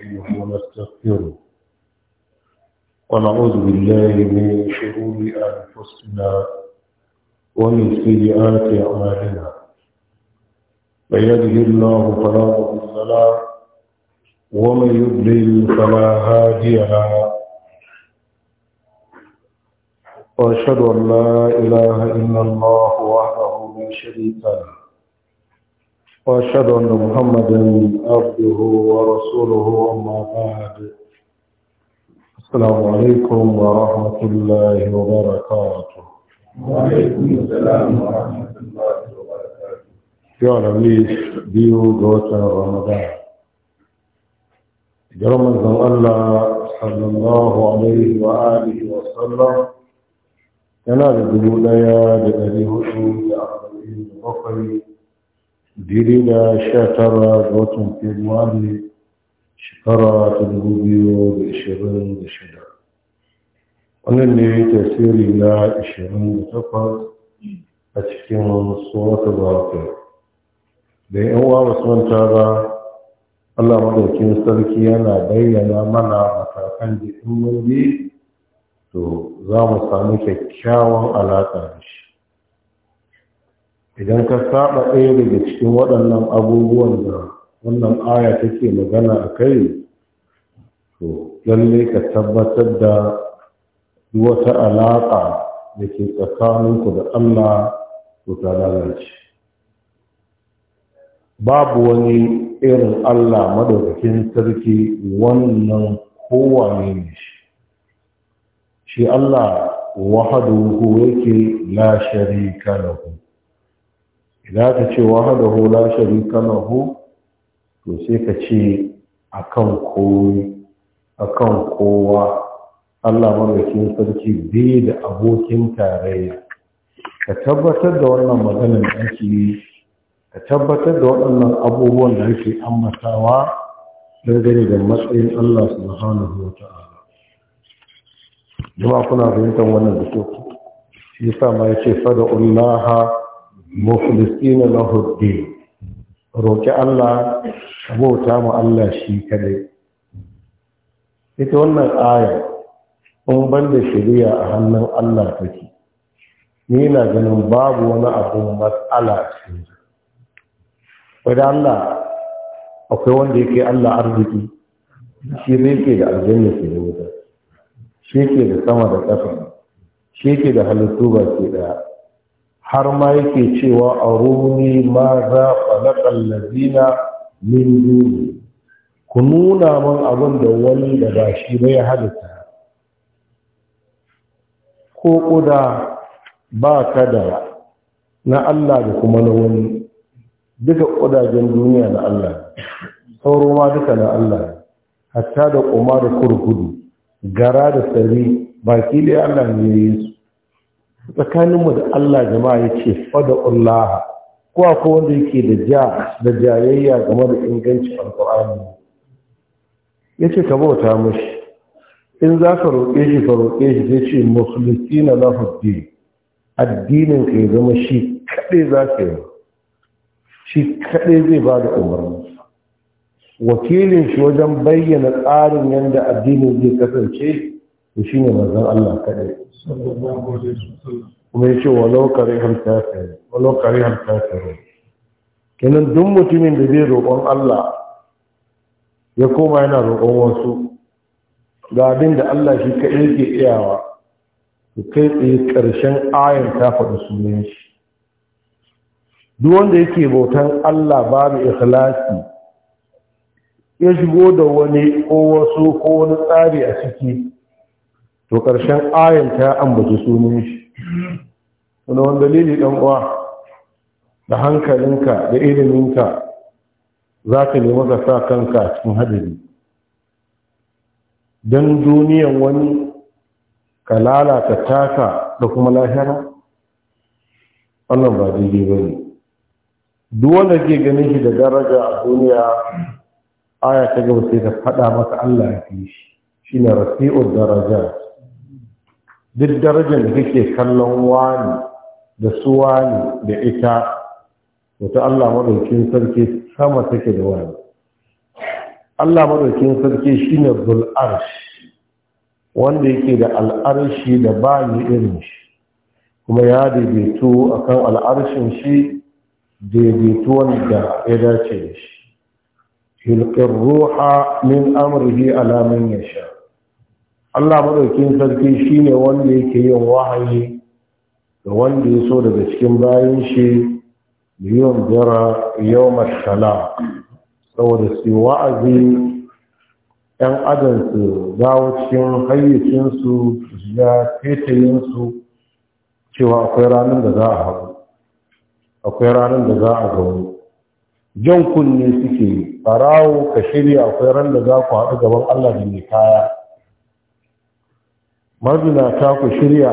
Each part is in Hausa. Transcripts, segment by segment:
نستعينه ونستغفره ونعوذ بالله من شرور أنفسنا ومن سيئات أعمالنا من يده الله فلا مضل له ومن يضلل فلا هادي له واشهد ان لا اله الا الله وحده لا شريك له وأشهد أن محمدا عبده ورسوله أما بعد السلام عليكم ورحمة الله وبركاته وعليكم السلام ورحمة الله وبركاته يا لي ديو جوتا رمضان جرمز الله صلى الله عليه وآله وسلم yana da dubu ɗaya da ɗari hudu da daidai da sha tara ga watan februari shekara ta dubu biyu da ishirin da shida wannan ne tasiri na ishirin da takwas a cikin tsohon zafi da yan uwa ba manta ba allah madaukin sarki yana bayyana mana matakan da in mun bi to za mu samu kyakkyawan alaƙa da shi idan ka saba ɗaya daga cikin waɗannan abubuwan da wannan aya take magana a kai to lallai ka tabbatar da wata alaƙa da ke tsakaninku da Allah ku ta lalace babu wani irin Allah madaukakin sarki wannan kowane ne shi shi Allah wahadu yake la sharika lahu idan ka ce wahadahu la sharika lahu to sai ka ce akan kowa kowa Allah madaukakin sarki biyu da abokin tarayya ka tabbatar da wannan maganar da ake yi ka tabbatar da waɗannan abubuwan da ake ambatawa dangane da matsayin Allah subhanahu wa ta'ala jama'a kuna fahimtar wannan da shi yasa ma yace fada ullaha muflisina lahu din roƙi Allah bauta mu Allah shi kaɗai ita wannan ayar in ban da shari'a a hannun Allah take ni na ganin babu wani abu matsala a cikin wadda Allah akwai wanda yake Allah arziki shi zai ke da aljanna ke da wuta shi ke da sama da ƙasa shi ke da halittu ba ke ɗaya. har ma yake cewa a rumuni ma za falakal lardina min duni ku nuna man abin da wani da ba shi ba ya halitta ko ƙuda ba ka da na Allah da kuma na wani duka ƙudajen duniya na Allah sauro ma duka na Allah hatta da ƙoma da kurkudu gara da sari baki da Allah ne ya yi su tsakaninmu da Allah jama'a ya ce fada Allah ko akwai wanda yake da ja da jayayya game da ingancin alkur'ani ya ce ka bauta mashi in za ka roƙe shi ka roƙe shi zai ce musulunci na lafafi addinin ka ya zama shi kaɗai za ka yi shi kaɗai zai ba da umarni wakilin shi wajen bayyana tsarin yadda addinin zai kasance to shi ne manzan Allah kaɗai kuma ya ce walau kare hamta fere walau kare kenan duk mutumin da zai roƙon Allah ya koma yana roƙon wasu ga abin da Allah shi kaɗai ke iyawa to kai tsaye ƙarshen ayan ta faɗi sunan shi duk wanda yake bautan Allah babu ikhlasi ya shigo da wani ko wasu ko wani tsari a ciki to ƙarshen ayan ta ambaci sunan shi wani wanda dalili ɗan uwa da hankalinka da iliminka za ka nemi ka sa kanka cikin hadari don duniyan wani ka lalata taka da kuma lahira wannan ba daidai ba ne duk wanda ke ganin shi da daraja a duniya aya ta gaba sai ta faɗa maka Allah ya fi shi shi shine rafi'ul daraja duk darajar da kake kallon wani da su wani da ita wata Allah madaukin sarki sama take da wani Allah maɗaukin sarki shine zul arsh wanda yake da al'arshi da ba ni irin shi kuma ya daidaito akan al'arshin shi daidaito wanda ya dace da shi yulqir ruha min amrihi ala man yasha Allah maɗaukin sarki shine wanda yake yin wahayi da wanda ya so daga cikin bayan shi yawan jira yawan mashala saboda su wa'azi ‘yan adam su dawo cikin hayyacinsu ya su cewa akwai ranar da za a hagu akwai ranar da za a jan kunne suke farawo ka shirya akwai ranar da za ku haɗu gaban Allah da mai kaya mazinata ku shirya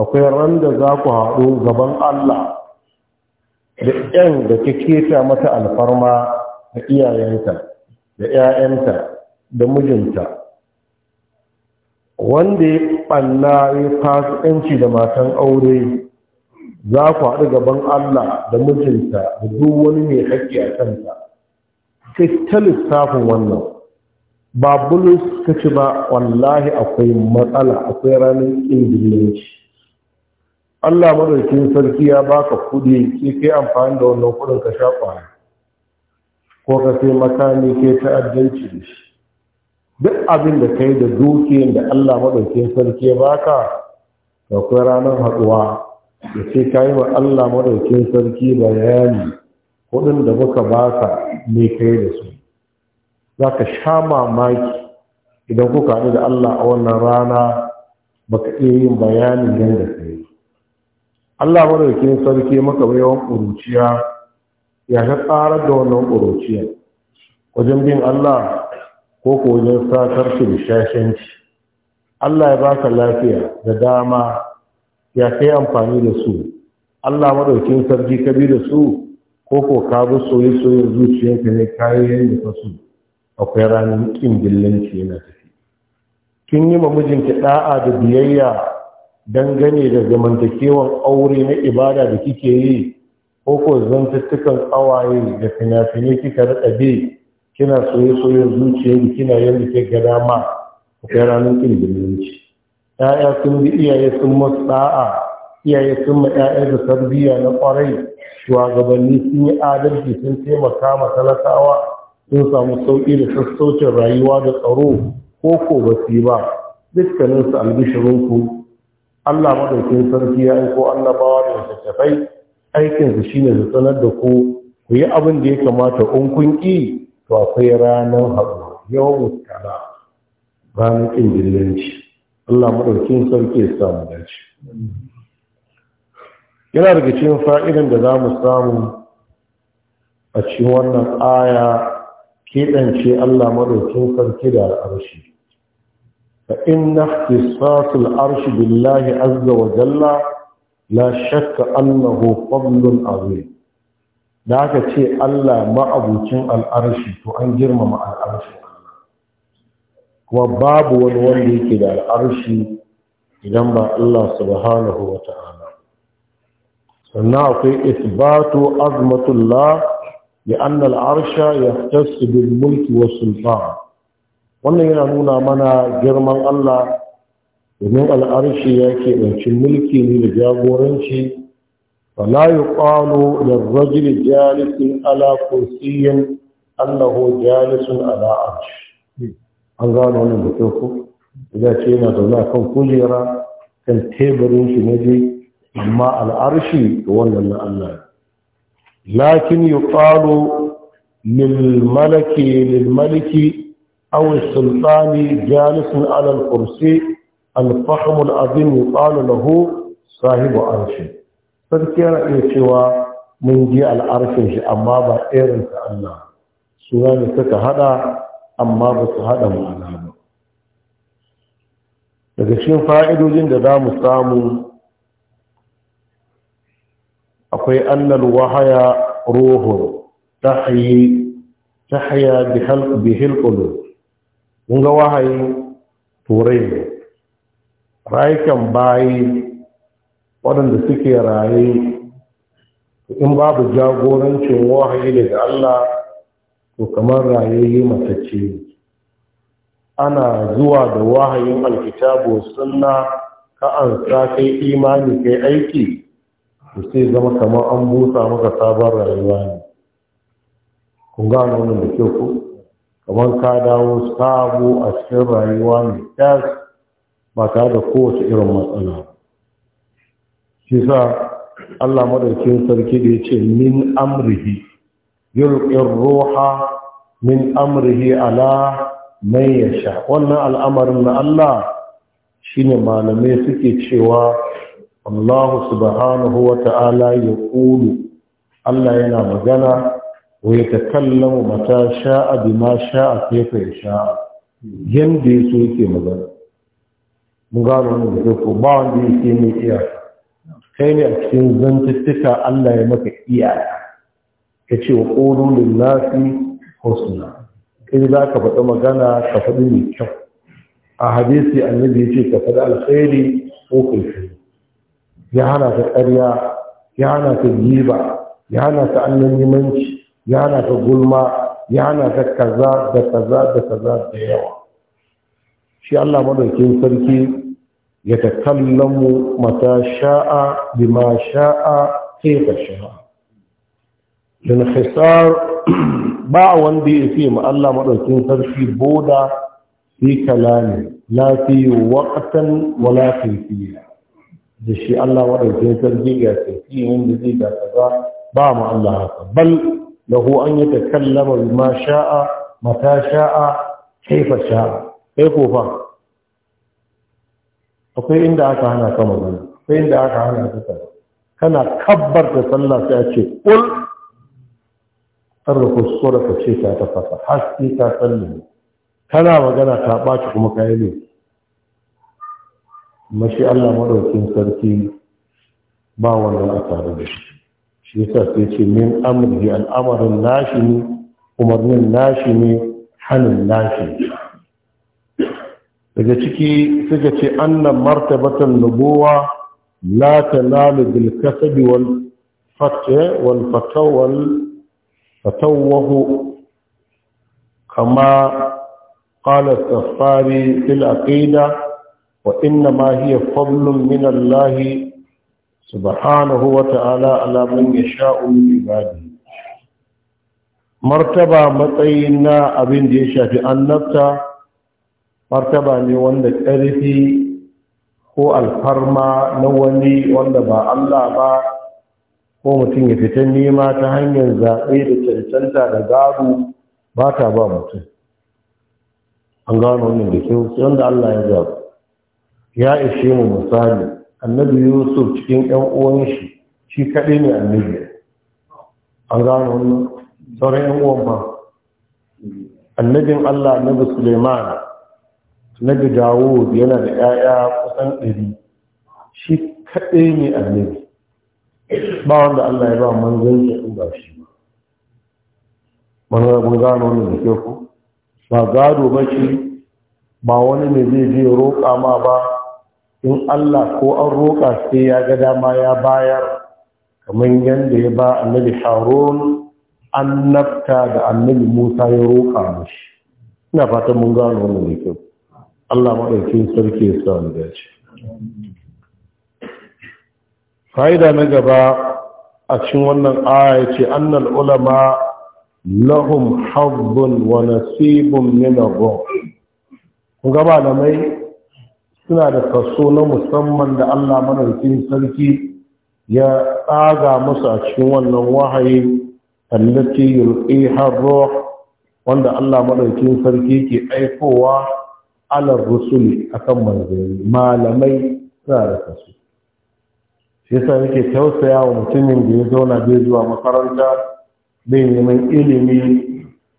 akwai randa za ku haɗu gaban Allah da ‘yan da ta keta mata alfarma da iyayenta da ‘ya'yanta da mijinta wanda ya ɓalla ya ƴanci da matan aure za ku haɗu gaban Allah da mijinta da duk wani mai haƙƙi a kanta kai ta lissafin wannan ba bulus ka ci ba wallahi akwai matsala akwai ranar ingiliyanci allah maɗaukin sarki ya baka kudi ke ke amfani da wannan kudin ka sha ko ka sai makami ke ta'addanci da shi duk abin da kai da dukiyar da allah madaukin sarki ya baka akwai ranar haɗuwa da ce ka yi wa allah maɗaukin sarki bayani kudin da muka baka ne kai da su za ka sha mamaki idan kuka haɗu da Allah a wannan rana ba ka iya yin bayanin yadda ka yi Allah madaukakin sarki maka yawan ƙuruciya ya ka tsarar da wannan ƙuruciya wajen bin Allah ko ko wajen satar shi da shashanci Allah ya baka lafiya da dama ya kai amfani da su Allah madaukakin sarki ka bi da su ko ko ka bi soyayya zuciyarka ne kayan da ka so akwai ranar ƙin billanci yana tafi kin yi ma mijinki ɗa'a da biyayya dangane da zamantakewan aure na ibada da kike yi ko ko zantattukan ƙawaye da fina-finai kika raɗa be kina soye-soyen zuciyarki kina da ke gada ma akwai ranar ƙin billanci ‘ya'ya sun bi iyaye sun masu ɗa'a iyaye sun ma ‘ya'ya da sarbiya na ƙwarai shugabanni sun yi adalci sun taimaka ma talakawa sun samu sauƙi da sassaucin rayuwa da tsaro ko ko ba su yi ba dukkanin su albishirinku Allah madaukin sarki ya aiko annabawa da littattafai aikin su shine su sanar da ku ku yi abin da ya kamata in kun ki to akwai ranar haɗu yawan mutala ranar ƙin dillanci Allah madaukin sarki ya samu dace yana daga cikin fa'idan da za mu samu a cikin wannan aya keɓance Allah maɗaukin sarki da al'arshi fa inna ikhtisasul arshi billahi azza wa jalla la shakka annahu fadlun azim da aka ce Allah ma'abucin al'arshi to an girmama al'arshi kuma babu wani wanda yake da al'arshi idan ba Allah subhanahu wa ta'ala sannan akwai isbatu azmatullah لأن العرش يختص بالملك والسلطان wannan yana nuna mana girman Allah domin al'arshi ya keɓanci mulki ne da jagoranci fala yi ƙwano da rajin jalisun ala kursiyin annahu jalisun ala arshi an gano wani da ko. ya ce yana zaune a kan kujera kan teburin shi na amma al'arshi ga wannan na Allah lakin yuqalu lil malaki lil maliki aw sultani jalisun ala al kursi al fahm al azim yuqalu lahu sahibu arshi sarki yana iya cewa mun ji al'arshin shi amma ba irin ta Allah suna ne suka hada amma ba su hada ma'ana ba daga cikin fa'idodin da za mu samu akwai annal wahaya ruhun tahyi tahya bihil qulub mun ga wahayi turai ne rayukan bayi waɗanda suke raye in babu jagorancin wahayi daga Allah to kamar rayayye matacce ana zuwa da wahayin alkitabu sunna ka an sa kai imani kai aiki to sai zama kamar an busa maka sabon rayuwa ne kun gano wannan da kyau ko kamar ka dawo sabo a cikin rayuwa mai kyas ba tare da kowace irin matsala shi sa Allah madaukin sarki da ya ce min amrihi yulqir ruha min amrihi ala man yasha wannan al'amarin na Allah shine malamai suke cewa Allah subhanahu wa ta'ala ya ƙulu, Allah yana magana wa ya takallamu mata sha'a bi ma sha'a kefa ya sha'a, Yan ya so yake magana. Mun ga wani da ko ba wanda ya ke mai iyaka. Kai ne a cikin zantuttuka Allah ya maka iyaka. Ya ce wa ƙulu lillafi husna. Kai za ka faɗi magana ka faɗi mai kyau. A hadisi annabi ya ce ka faɗi alkhairi ko kai ya hana ta ƙarya ya hana ta giba ya hana ta annabimanci ya hana ta gulma ya hana ta kaza da kaza da kaza da yawa shi Allah madaukin sarki ya mu mata sha'a bima sha'a kaifa sha'a dan hisar ba wanda ya fi mu Allah madaukin sarki boda fi kalami la fi waqtan wala fi fiya da shi Allah waɗaukin sarki ga tafi wanda zai ga kaza ba mu Allah haka bal lahu an yi takallama ma sha'a mata sha'a kaifa sha'a kai ko akwai inda aka hana ka magana akwai inda aka hana ka kaza kana kabbar da sallah sai a ce kul ko sura ka ce ta tafasa haske ta sallama kana magana ta ɓaci kuma kayi ne mashi Allah madaukin sarki ba wannan a tare da shi shi yasa sai ce min amri al'amarin nashi ne umarnin nashi ne hannun nashi daga ciki suka ce annan martabatan nubuwa la tanalu bil kasabi wal Fatte, wal fatawal kama qala safari fil aqida وإنما هي فضل من الله سبحانه وتعالى على من يشاء من عباده مرتبة متينا أبن ديشا في النبتة مرتبة نواند الأرثي هو الفرما نواني واند با الله با ko mutum ya fita nema ta hanyar zaɓe da cancanta da gado ba ta ba mutum an gano wannan da kyau sai wanda Allah ya zaɓa ya ishe mu misali annabi yusuf cikin yan uwan shi shi kaɗai ne annabi an gano wannan sauran yan uwan ba annabin allah annabi suleiman annabi dawud yana da 'ya'ya kusan ɗari shi kaɗai ne annabi ba wanda allah ya ba manzanci in ba shi ba mun gano wannan da ke ku ba gado ba shi. ba wani ne zai je roƙa ma ba in Allah ko an roƙa sai ya ga dama ya bayar kamar yadda ya ba annabi Harun annabta da annabi Musa ya roƙa mashi ina fatan mun gano wannan da kyau Allah maɗaukin sarki ya sa mu dace fa'ida na gaba a cikin wannan aya ce annal ulama lahum habbun wa nasibun min ar-ruh kun ga malamai suna da kaso na musamman da Allah madaukakin sarki ya tsaga musu a cikin wannan wahayi allati yulqiha ruh wanda Allah madaukakin sarki ke aikowa ala rusul akan manzari. malamai suna da kaso shi yasa yake tausaya wa mutumin da ya zauna bai zuwa makaranta bai neman ilimi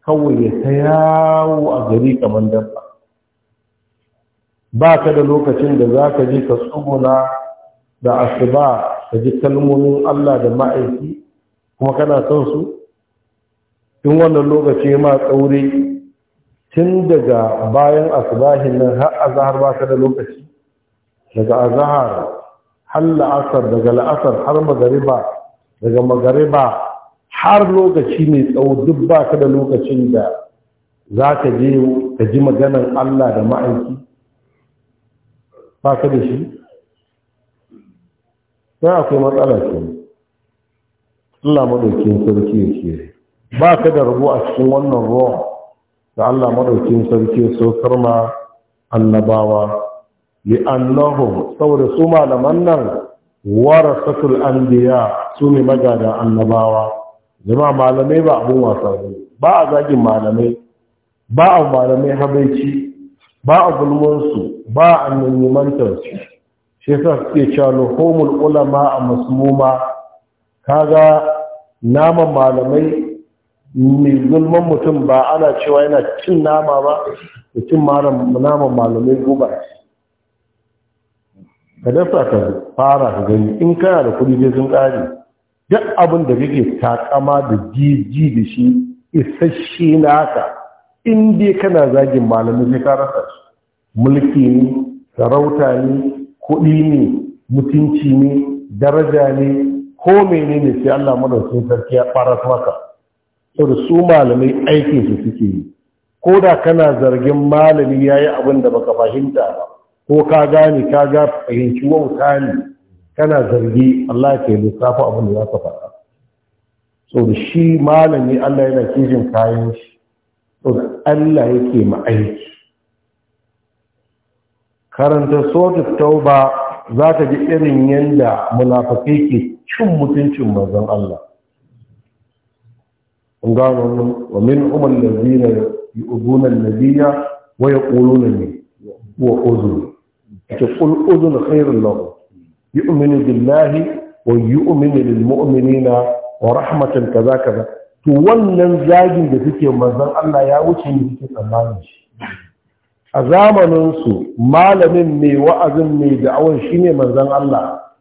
kawai ya ta yawo a gari kamar dabba ba ka da lokacin da za ka ji ka tsuguna da asuba ka ji kalmomin Allah da ma'aiki kuma kana son su tun wannan lokaci ma tsauri tun daga bayan asubahin nan har azahar ba ka da lokaci daga azahar har la'asar daga la'asar har magariba daga magariba har lokaci mai tsawo duk ba ka da lokacin da za ka je ka ji maganar Allah da ma'aiki ba ka da shi sai akwai matsala ce Allah madaukin sarki ya ce ba ka da rabo a cikin wannan ruwa da Allah madaukin sarki ya saukar ma annabawa li'annahum saboda su malaman nan warasatul anbiya su ne magada annabawa zama malamai ba abun wasa ne ba a zagin malamai ba a malamai habaici ba a gulmansu ba a muhimmantar shi sa suke cewa luhumul ulama a masmuma kaga naman malamai mai zulman mutum ba ana cewa yana cin nama ba da cin naman malamai guba ka dafa ka fara ka gani in kana da kudi zai sun ƙari duk abin da kake takama da jiji da shi isasshe na in dai kana zagin malamai sai ka rasa shi mulki ne sarauta ne kuɗi ne mutunci ne daraja ne ko menene sai Allah madaukakin sarki ya fara maka saboda su malamai aikin su suke yi ko da kana zargin malami yayi abin da baka fahimta ba ko ka gane ka ga fahimci wauta ne kana zargi Allah ke lissafa abin da zaka faɗa saboda shi malami Allah yana kijin kayan shi saboda Allah yake ma aiki karanta sojin tauba za ta ji irin yadda munafakai ke cin mutuncin mazan Allah gano wa min umar lazina yi uzunan nabiya wa ya ƙuluna ne wa uzun ta ƙul uzun khairun lahu yi umini billahi wa yi umini lil mu'minina wa rahmatan kaza kaza to wannan zagin da suke mazan Allah ya wuce ne suke tsammanin shi a zamaninsu malamin mai wa'azin mai da'awar shi ne manzan Allah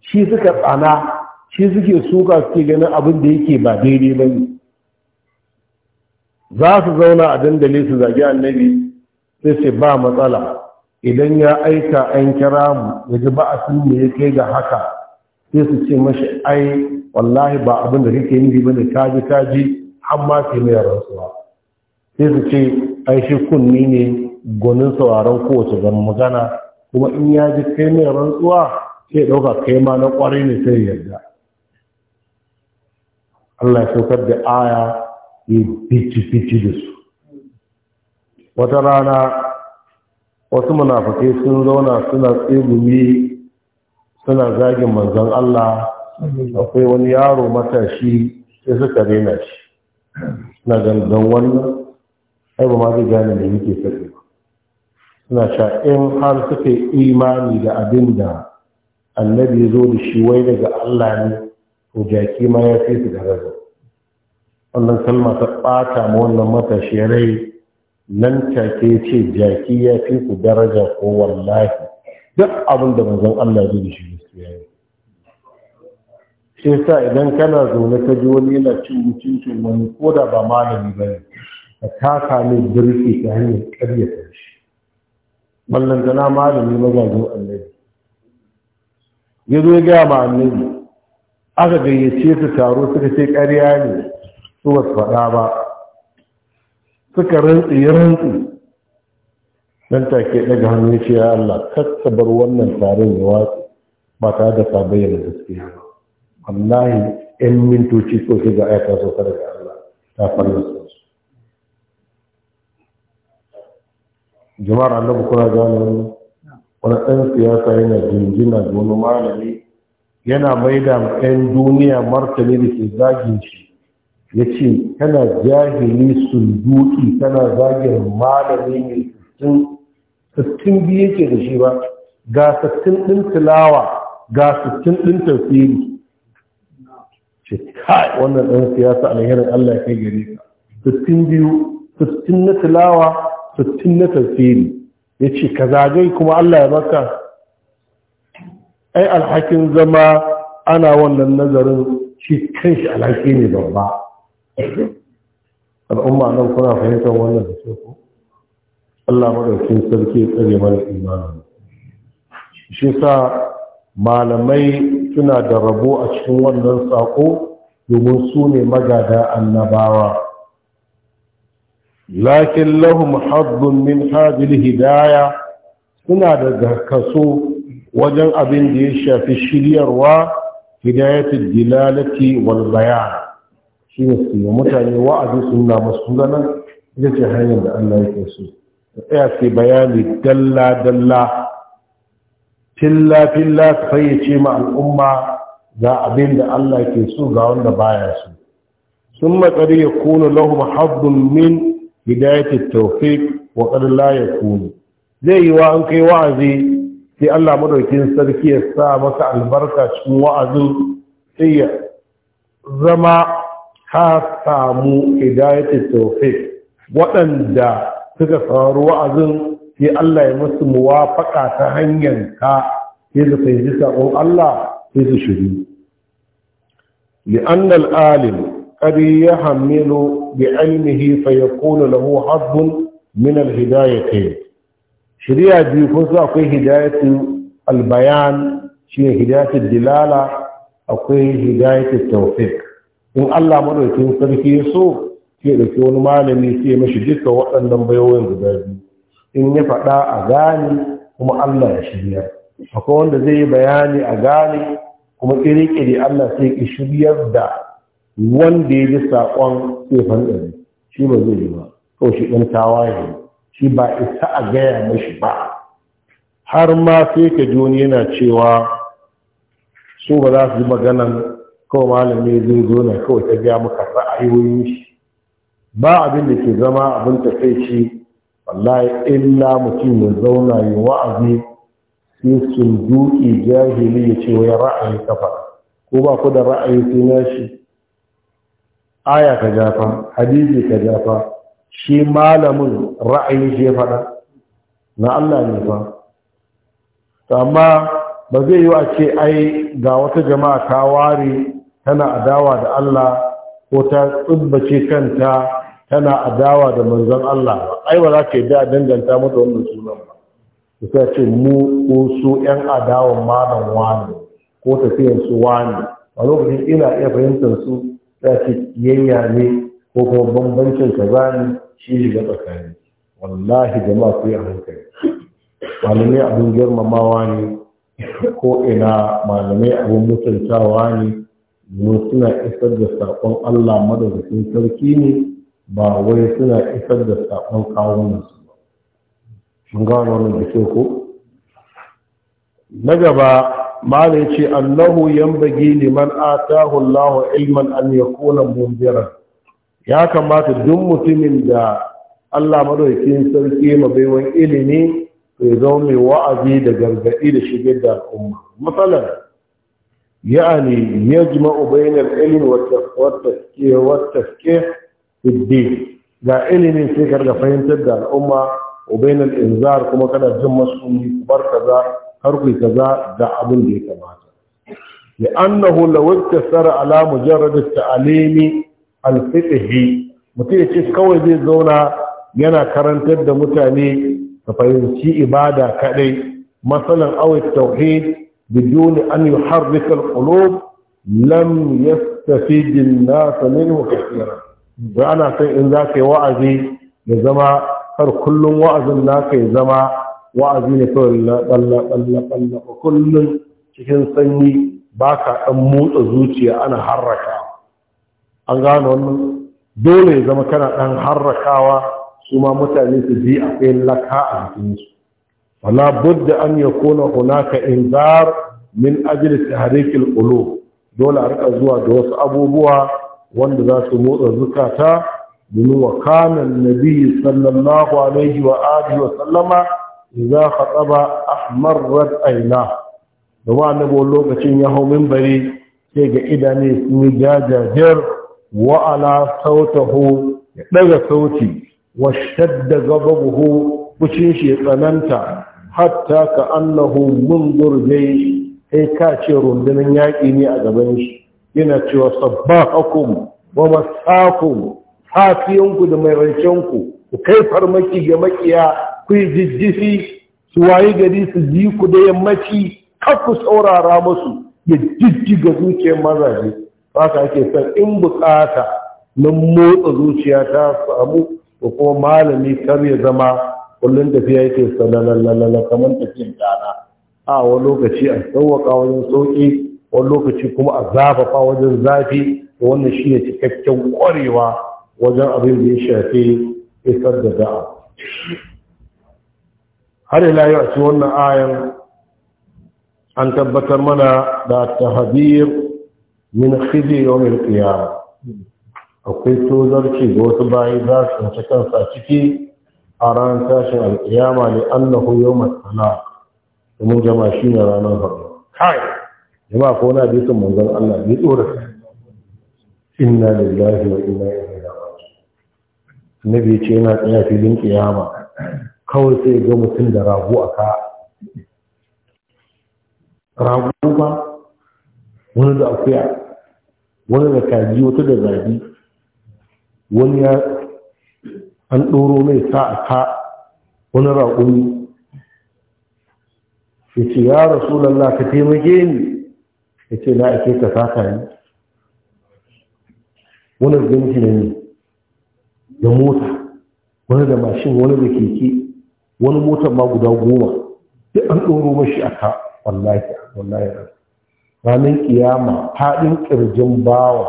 shi suka tsana shi suke suka suke ganin abin da yake ba daidai ba ne za su zauna a dandali su zagi annabi sai sai ba matsala idan ya aika an kira mu ya ji ba a sun ya kai ga haka sai su ce mashi ai wallahi ba abin da kake yi ba ne kaji kaji amma ma sai mai rantsuwa sai su ce ai shi kunni ne gwanin sauraron kowace zan magana kuma in ya ji kai mai rantsuwa sai ɗauka kai ma na ƙwarai ne sai yarda Allah ya saukar da aya ya fici-fici da su wata rana wasu munafakai sun zauna suna tsegumi suna zagin manzan Allah akwai wani yaro matashi sai suka rena shi suna gangan wannan ai ba ma zai gane da yake sake suna sha in har suka imani da abin da annabi ya zo da shi wai daga Allah ne to jaki ma ya fi su da rabu wannan salma ta ɓata ma wannan matashi rai nan take ce jaki ya fi ku daraja ko wallahi duk abin da manzon Allah zai zo da shi gaskiya ne shi sa idan kana zaune ka ji wani yana cin mutuncin wani ko da ba malami ba ne ka taka mai birki ta hanyar ƙaryata shi ballantana malami mazajen annabi ya zo ya gaya ma annabi aka gayyace ta taro suka ce ƙarya ne su wasu faɗa ba suka rantsi ya rantsi don take daga hannu ce ya Allah kakkabar wannan taron ya watsi ba tare da ta da suke ba wallahi 'yan mintoci so sai ga aika so daga Allah ta su. jama'ar annabi kuna gane wani wani ɗan siyasa yana jingina da wani malami yana da ɗan duniya martani da ke zagin shi ya ce kana jahili duki kana zagin malami mai sittin sittin biyu yake da shi ba ga sittin ɗin tilawa ga sittin ɗin tafsiri ce kai wannan ɗan siyasa alherin allah ya kai gare ka sittin biyu sittin na tilawa sittin na tafsiri ya ce ka zagai kuma Allah ya baka ai alhakin zama ana wannan nazarin shi kanshi alhaki ne babba al'umma nan kuna fahimtar wannan da ce ku Allah madaukin sarki tsare mana imanin shi sa malamai suna da rabo a cikin wannan sako domin su ne magada annabawa lakin lahum haddun min hadil hidaya suna da kaso wajen abin da ya shafi shiryarwa hidayatul dilalati wal bayan shi ne su mutane wa'azi suna masu ganin ita ce hanyar da Allah yake so ta tsaya sai bayani dalla dalla filla filla ta fayyace ma al'umma ga abin da Allah ke so ga wanda baya so sun matsari ya kuna lahum haddun min hidayati tawfiq wa qad la yakun zai yi wa an kai wa'azi sai Allah madaukin sarki ya sa maka albarka cikin wa'azin sai ya zama ka samu hidayati tawfiq waɗanda suka saurari wa'azin sai Allah ya musu muwafaka ta hanyar ka sai su fahimci Allah sai su shiru li'annal alim قد ya بعلمه فيكون له حظ من الهدايتين شريعة دي كنسا أقوي هداية البيان akwai هداية الدلالة أقوي هداية التوفيق إن الله مدعو يكون صدق يسوع sai ɗauki wani malami sai mashi duka waɗannan bayoyin guda biyu in ya faɗa a gane kuma Allah ya shirya akwai wanda zai yi bayani a gane kuma ƙiriƙiri Allah sai ki shiryar da wanda ya ji saƙon tsefan ɗari shi ba zai yi ba kawai shi ɗan tawaye shi ba isa a gaya mashi ba har ma sai ka ji wani yana cewa su ba za su yi maganan kawai malami zai zo na kawai ta gaya maka ra'ayoyin shi ba abin da ke zama abin ta shi. wallahi illa mutum ya zauna ya wa'azi sai sun duki jahili ya ce ya ra'ayi kafa ko ba ku da ra'ayi sai na shi aya ka jafa hadisi ka jafa shi malamin ra'ayi shi ya faɗa na Allah ne fa to amma ba zai yi a ce ai ga wata jama'a ta ware tana adawa da Allah ko ta tsubbace kanta tana adawa da manzon Allah ai ba za ka yi da danganta mata wannan sunan ba sai ce mu ko su yan adawan malam wani ko tafiyar su wani a lokacin ina iya fahimtar su za ce kiyayya ne ko kuma bambancin ka ne shi shiga tsakani wallahi da ku yi a hankali malamai abin girmamawa ne ko ina malamai abin mutuntawa ne domin suna isar da saƙon Allah madaukakin sarki ne ba wai suna isar da saƙon kawunan su ba. Mun gano wannan da ke ko? Na gaba mala ya ce annahu yambagi liman atahu Allah ilman an yakuna munzira ya kamata duk mutumin da Allah madaukakin sarki mabaiwan ilimi ya zama mai wa'azi da gargadi da shigar da al'umma matsalar ya'ani yajma'u bainal ilmi wat tafkir fi ga ilimin sai ka fahimtar da al'umma wa bainal inzar kuma kana jin masu barka za harkuri kaza da abin da ya kamata ya annahu la wadda sara ala mujarrad ta'limi al mutum ya ce kawai zai zauna yana karantar da mutane ta fahimci ibada kaɗai. masalan awai tauhid bidun an yuharrik al-qulub lam yastafid an-nas minhu kathira ba ana sai in zaka yi wa'azi ya zama har kullum wa'azin naka ya zama wa'azi ne kawai laɓalla ba kullum cikin sanyi ba ka ɗan motsa zuciya ana harraka an gano wannan dole ya zama kana ɗan harrakawa su ma mutane su ji akwai laka a jikinsu wala budda an ya kona hunaka inzar min ajli tahrikil qulub dole a rika zuwa da wasu abubuwa wanda za su motsa zukata domin wa kana nabi sallallahu alaihi wa alihi wa sallama ka tsaba ahmarrat ayna domin annabi lokacin ya hau bari. sai ga idane sun yi jajajar wa sautahu ya ɗaga sauti wa shadda gababuhu kucin shi ya tsananta hatta ka annahu min jaysh sai ka ce rundunar yaƙi ne a gaban shi yana cewa sabbakakum wa masakum hafiyanku da mai rancenku ku kai farmaki ga makiya ku yi jijjifi su waye gari su ji ku da yammaci kar ku saurara musu ya jijjiga zuciyar mazaje ba ka ake son in bukata na motsa zuciya ta samu ko kuma malami kar ya zama kullum tafiya yake salalalala kamar tafiyan dana a wani lokaci a sauwaka wajen sauki wani lokaci kuma a zafafa wajen zafi wannan shi ne cikakken ƙwarewa wajen abin da ya shafi isar da da'a har ila yau a ci wannan ayan an tabbatar mana da tahadir min khidi yawmil qiyama akwai tozarci ga wasu bayi za su tsinci kansa ciki a ranar tashin alƙiyama ne annahu yawmat Mun domin shi ne ranar farko kai jama ko na bisin manzon Allah bi tsora inna lillahi wa inna ilaihi raji nabi ce yana tsaya filin kiyama kawai sai ga mutum da rago a ka rago ba wani da akuya wani da kaji wata da zabi wani ya an ɗoro mai sa a ka wani raƙumi ya ce ya rasulallah ka taimake ni ya ce na ake ka saka ni wani da ne da mota wani da mashin wani da keke wani motar ma guda goma sai an ɗoro mashi a ka wallahi wallahi ranar kiyama faɗin ƙirjin bawa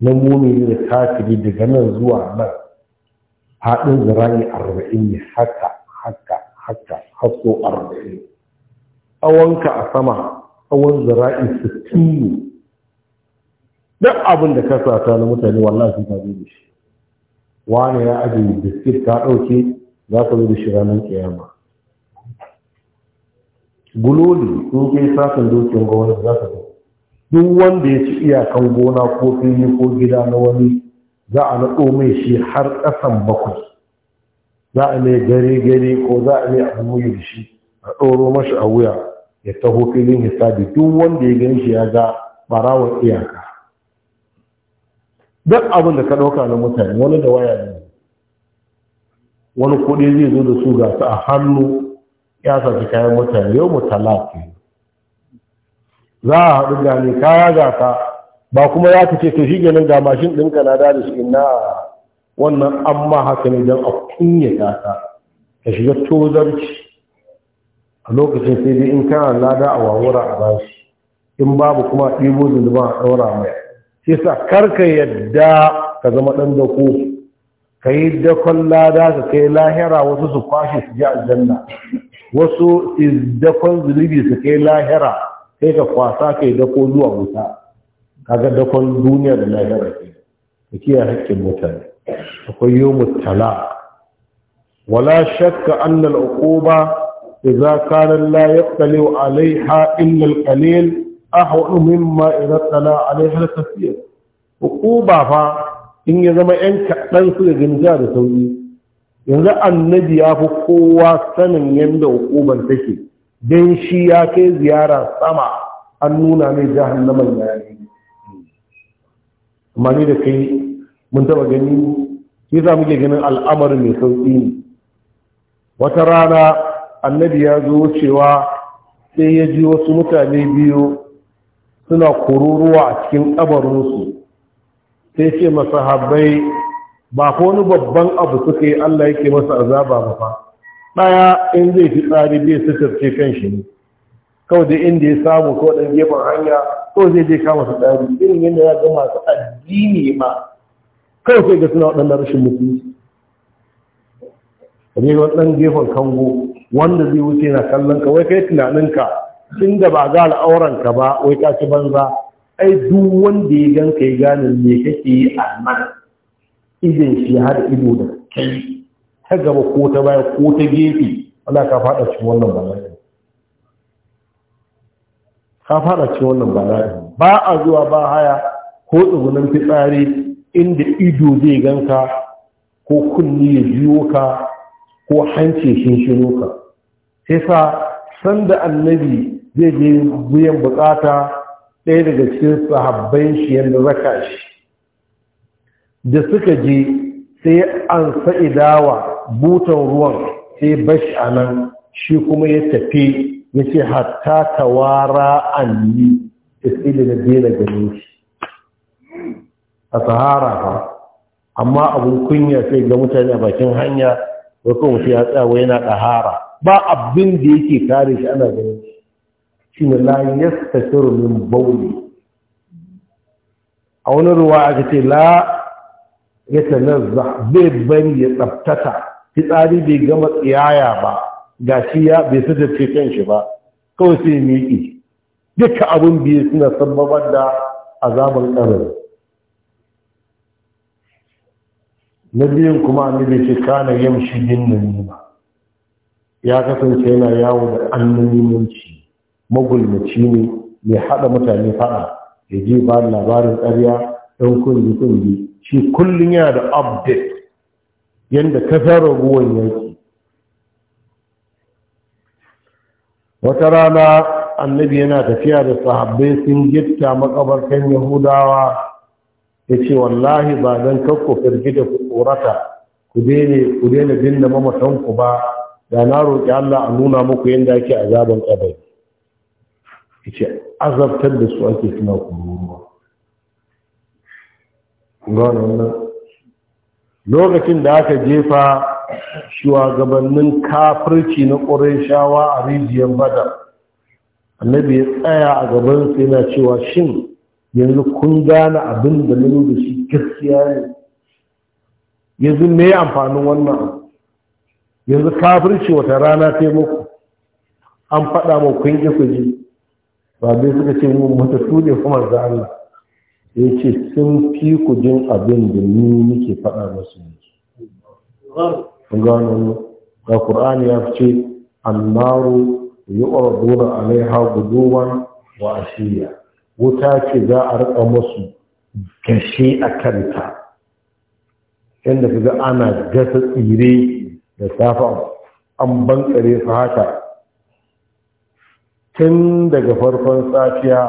na mumini da kafiri daga nan zuwa nan haɗin zirani arba'in ne haka haka haka haso arba'in tsawonka a sama tsawon zira'i sittin ne duk abin da ka sata na mutane wallahi sun tabi da shi wani ya ajiye biskit ka ɗauke za ka zo da shi ranar kiyama guloli sun kai sakan dokin gwamnati za ka zo duk wanda ya ci iyakan gona ko fili ko gida na wani za a naɗo mai shi har ƙasan bakwai za a mai gare-gare ko za a mai abu wuyi da shi a ɗoro mashi a wuya ya taho filin hisabi duk wanda ya gan shi ya ga ɓarawar iyaka duk abin da ka ɗauka na mutane wani da waya ne wani kuɗi zai zo da su gasu a hannu ya saci kayan mutane yau mu za a haɗu da kaya ga ba kuma za ka ce to shi nan ga mashin ɗinka na da shi ina wannan amma haka ne don a kunya ta ka shiga tozarci a lokacin sai dai in kana lada a wawura a bashi in babu kuma ɗibo zunuba a ɗaura mai sai sa karka yadda ka zama ɗan dako ka yi dakon lada ka kai lahira wasu su kwashe su ji aljanna wasu dakon zunubi su kai lahira sai ka kwasa kai dako zuwa wuta kaga dakon duniya da lahira ke ka kiyaye haƙƙin mutane akwai yomu tala wala shakka annal uquba idza kana la yaqtali alaiha illa alqalil ahwa mimma idza tala alaiha alkathir uquba fa in ya zama yan kaɗan suka gani da sauri, yanzu annabi ya fi kowa sanin yadda hukumar take don shi ya kai ziyara sama an nuna mai jahannaman ya yi amma ni da kai mun taba gani shi za muke ganin al'amari mai sauƙi ne wata rana annabi ya zo cewa sai ya ji wasu mutane biyu suna kururuwa a cikin ƙabarinsu sai ce masahabbai ba ko wani babban abu suka yi Allah yake masa azaba ba fa daya in zai fi tsari bai sutarce kan shi ne kawai da inda ya samu ko dan gefen hanya ko zai je kama su tsari irin yadda ya ga masu addini ma kawai sai ga suna waɗanda rashin mutunci ne ga ɗan gefen kango wanda zai wuce na kallon ka wai kai tunaninka tun da ba ga al'auranka ba wai ka ci banza ai duk wanda ya ganka ya gane me kake yi a mana idan shi har ido da kai ta gaba ko ta baya ko ta gefe Allah ka fada cikin wannan bala'i ka fada cikin wannan bala'i ba a zuwa ba haya ko tsugunan fitsari inda ido zai ganka ko kunni ya jiyo ka ko hanci shinshino ka sai sa sanda annabi zai je biyan bukata ɗaya daga cikin sahabban shi ya zaka shi da suka je sai an sa'idawa butan ruwan sai bashi a nan shi kuma ya tafi ya ce hatta tawara anni ta tsili na daina gani shi a sahara fa amma abin kunya sai ga mutane a bakin hanya wakon mutu ya tsawo yana ɗahara ba abin da yake kare shi ana ganin shi shine la yastatiru min bawli a wani ruwa aka ce la yatanazza bai bari ya tsaftata fitsari bai gama tsiyaya ba gashi ya bai kan shi ba kawai sai miƙi duka abin biyu suna sababar da azabar ƙarar na biyun kuma annabi shi kana yamshi yin nanima ya kasance yana yawo da annabimanci magulmaci ne mai haɗa mutane faɗa ya ji ba labarin ƙarya ɗan kungi-kungi shi kullum yana da update yadda kasar raguwan yanki wata rana annabi yana tafiya da sahabbai sun gitta makabarkan yahudawa ya ce wallahi ba don kakku firgita ku tsorata ku daina binne mamatanku ba da na roƙi Allah a nuna muku yadda ake azaban ƙabari ce azabtar da su ake suna kururuwa gano lokacin da aka jefa shugabannin kafirci na shawa a rijiyar bada annabi ya tsaya a gaban su yana cewa shin yanzu kun gane abin da nuna da shi gaskiya ne yanzu me amfanin wannan yanzu kafirci wata rana taimako. an faɗa ma kun ji ku ji sabai suka ce mu matattu ne kuma da Allah ya ce sun fi ku jin abin da ni nake faɗa masu ne kun gano ga Qur'ani ya ce annaru yu'raduna alaiha guduwan wa ashiya wuta ce za a rika musu gashi a kanta inda kaga ana gasa tsire da safa an bankare su haka tun daga farkon safiya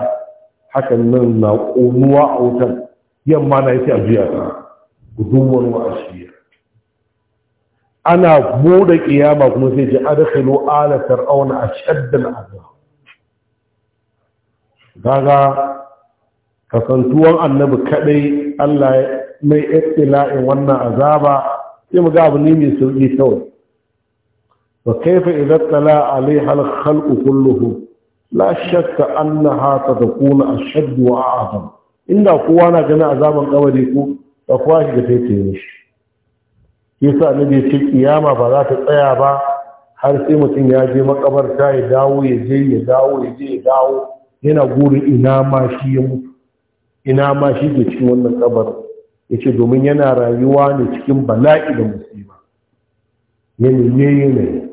hakan nan na ƙonuwa a wutan yamma na yake a ta guduwar wa'ashiyar ana buɗe ƙiyama kuma sai ji adakhilu ala fir'auna ashadda al'azab gaga kasantuwan annabi kadai Allah mai ittila'in wannan azaba sai mu ga abu ne mai sauki kawai wa kaifa idza tala alaiha al-khalqu kulluhum la shakka kuna satakuna ashad a a'zam inda kowa na gani azaban kabari ko da kowa shi da take shi yasa annabi ya ce kiyama ba za ta tsaya ba har sai mutum ya je makabarta ya dawo ya je ya dawo ya je ya dawo yana gurin ina ma shi ya mutu ina ma shi ke cikin wannan kabarin ya ce domin yana rayuwa ne cikin bala'i da musiba yanayi yi.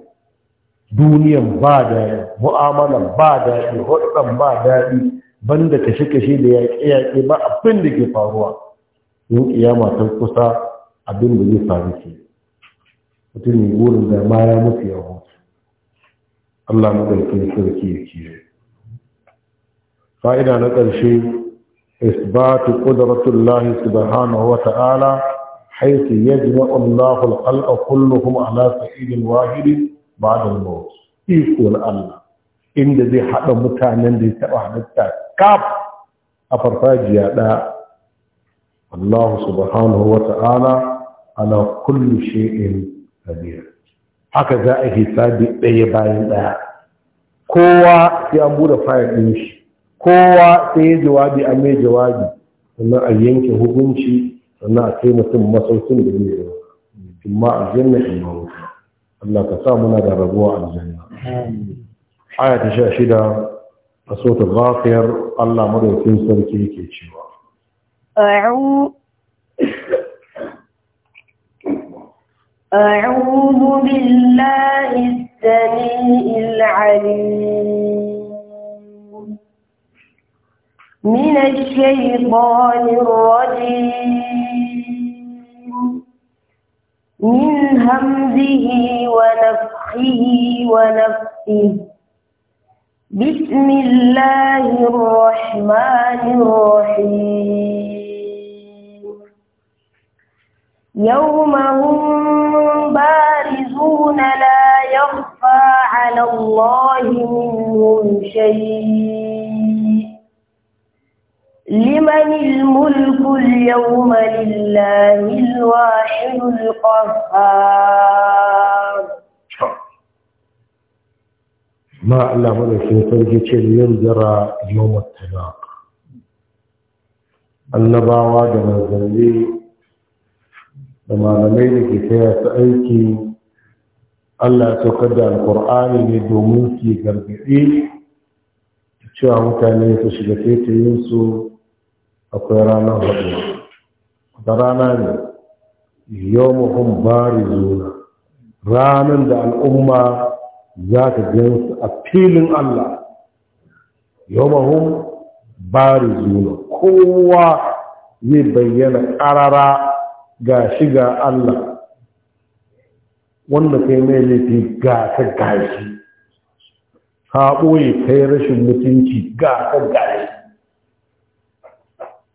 duniyan ba daɗi mu'amalan ba daɗi hulɗan ba daɗi banda kashe-kashe da yaƙe-yaƙe ba abin da ke faruwa yin ƙiyama ta kusa abin da zai faru ke mutum ne wurin da ma ya mutu ya hutu Allah maɗaukin sarki ya kiyaye fa'ida na ƙarshe إثبات قدرة الله wa ta'ala حيث يجمع الله الخلق كلهم على سعيد واحد ba'dal maut iko na Allah inda zai haɗa mutanen da ya taɓa halitta kaf a farfajiya ɗaya Allah subhanahu wa ta'ala ana kullu shi'in qadir haka za a hisabi ɗaya bayan ɗaya kowa sai an buɗe fayil ɗin shi kowa sai ya jawabi an mai jawabi sannan a yanke hukunci sannan a kai mutum masaukin da zai yi imma a imma wuta الله تسامنا بالربوع الجنة حياة شاشدة الصوت الغافر الله مره تنسل كي كي تشوى أعوذ بالله السميع العليم من الشيطان الرجيم من همزه ونفخه ونفسه بسم الله الرحمن الرحيم يوم هم بارزون لا يخفى على الله منهم شيء لمن الملك اليوم لله الواحد القهار ما الله ملك سرجي ce yanzara zara yawmat talaq annabawa da manzanni da malamai da ke taya su aiki Allah ya saukar da alkur'ani ne domin su gargaɗe cewa mutane su shiga taitayin akwai ranar haɗu da rana ne yau mahun bari zuwa ranar da al'umma za ta gansu a filin Allah yau mahun bari zuwa kowa zai bayyana ƙarara ga shiga Allah wanda kai mai laifi ga ta gashi ka ɓoye kai rashin mutunci ga ta gashi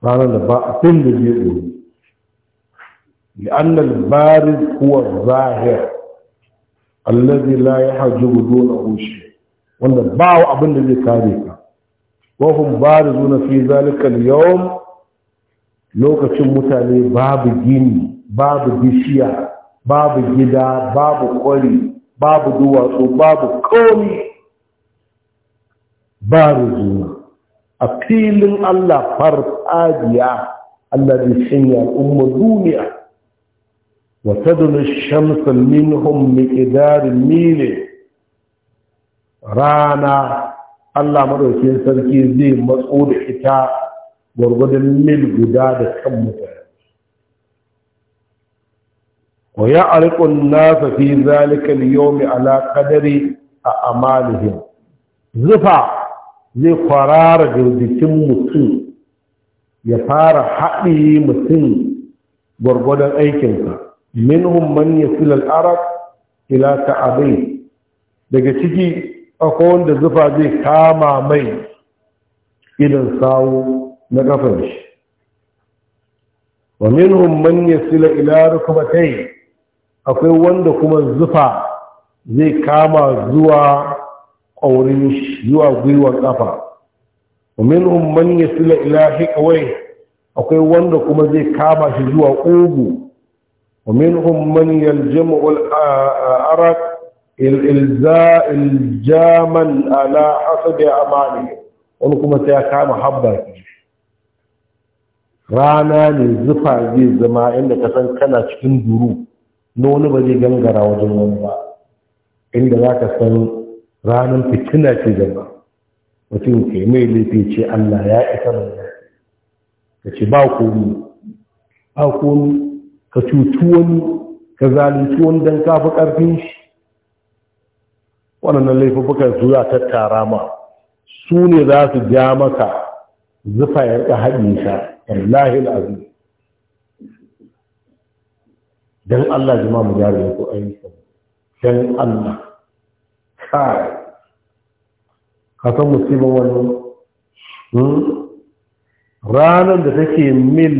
ranar da ba a fin da zai ɗoru da bari kuwa zahir allazi la ya Haji bu dole wanda ba wa abin da zai kare ka wahun bari zuna fi zalikal yau lokacin mutane babu gini babu bishiya babu gida babu kwari babu duwatsu babu komi babu da a filin Allah farfajiya Allah zai sanya al'umma duniya wa tadlu shamsu minhum miqdarin mil rana Allah madaukakin sarki zai matso da ita gwargwadon mil guda da kan mutane wa ya'riqu an-nasa fi zalika al-yawmi ala qadri a'malihim zufa zai kwarara da mutum ya fara haɗi mutum gwargwadon aikinsa min man ya fi araq ila ta'abai daga ciki akwai wanda zufa zai kama mai idan sawo na kafar shi wa ya man yasil kuma rukbatai akwai wanda kuma zufa zai kama zuwa ƙaurin zuwa gwiwar ƙafa ومن ya من ila shi kawai, akwai wanda kuma zai kama shi zuwa ugu wa umman yaljamu al ilza iljaman ala hasabi amani, wani kuma sai ya kama habba rana ne zufa zai zama inda ka san kana cikin duru na wani ba zai gangara wajen wani ba inda za ka san ranar fitina ce gaba, mutum ke mai laifi ce Allah ya isa mai ka ce ba komi ba komi ka cutu wani ka zalunci wani don kafa ƙarfin shi waɗannan laifukan zuwa tattara ma su ne za su ja maka zufa ya rika haɗin sha wallahi al'azim dan Allah jima mu jare ko ayyuka dan Allah kai ka san wannan hmm? ranar da take mil